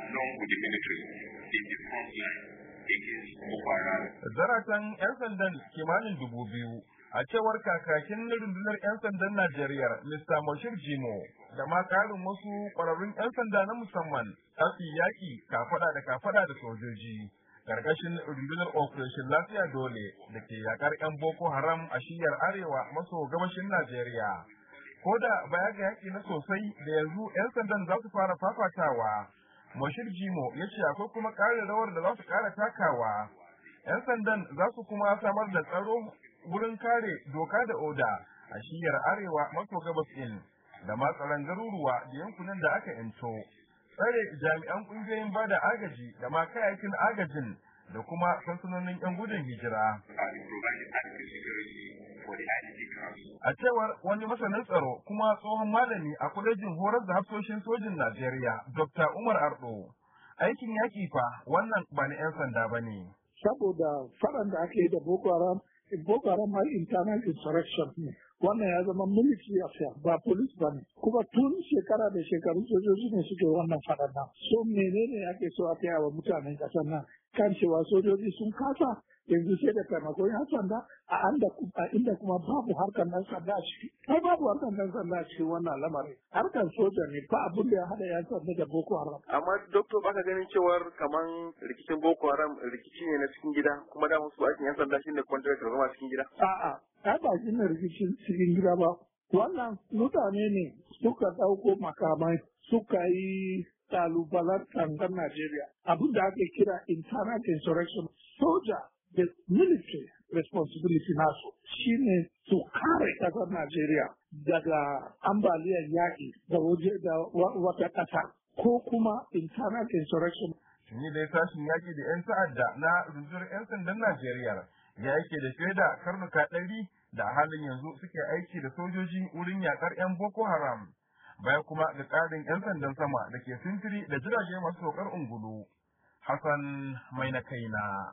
along with the military in the front line against Boko Haram. Zaratan 'yan sandan kimanin dubu biyu a cewar kakakin na rundunar 'yan sandan Najeriya Mr. Moshir Jimo da ma karin wasu ƙwararrun 'yan sanda na musamman tafi yaƙi kafaɗa da kafaɗa da sojoji. Karkashin rundunar Operation Lafiya Dole da ke yaƙar 'yan Boko Haram a shiyar arewa maso gabashin Najeriya. Ko da baya ga yaƙi na sosai da yanzu 'yan sandan za su fara fafatawa Moshir Jimo ya ce akwai kuma ƙarin rawar da za su ƙara takawa. 'Yan sandan za su kuma samar da tsaro wurin kare doka da oda a shiyar arewa maso gabas ɗin da matsalan garuruwa da yankunan da aka yanto. Tsare jami'an ƙungiyoyin ba da agaji da ma kayakin agajin da kuma sansanonin 'yan gudun hijira. A cewar wani masanin tsaro kuma tsohon malami a kwalejin horar da hafsoshin sojin Najeriya, Dr. Umar Ardo, aikin yaƙi fa wannan ba na 'yan sanda ba ne. Saboda faɗan da ake yi da Boko Haram, Boko Haram ma internal insurrection ne. Wannan ya zama military affair ba police ba ne. Kuma tun shekara da shekaru sojoji ne suke wannan faɗan nan. So menene ake so a kai wa mutanen ƙasar nan? Kan cewa sojoji sun kasa yanzu sai da taimako yan sanda a inda kuma babu harkar nan sanda a ko babu harkar nan sanda shi cikin wannan lamarin harkar soja ne ba abin da ya hada yan sanda da boko haram amma ba ka ganin cewar kaman rikicin boko haram rikici ne na cikin gida kuma da musu aikin yan sanda shine kwantar da zama cikin gida a'a ai ba shi ne rikicin cikin gida ba wannan mutane ne suka dauko makamai suka yi kalubalantar Najeriya abin da ake kira internal insurrection soja the military responsibility nasu ne su kare kasar Najeriya daga ambaliyar yaƙi da waje da wata ƙasa ko kuma internal insurrection. Tuni dai tashin yaƙi da 'yan sa'adda na rundunar 'yan sandan Najeriya ya yake da shaida karnuka ɗari da halin yanzu suke aiki da sojoji wurin yaƙar 'yan Boko Haram. Baya kuma da tsarin 'yan sandan sama da ke sintiri da jirage masu saukar ungulu. Hassan mai na kaina.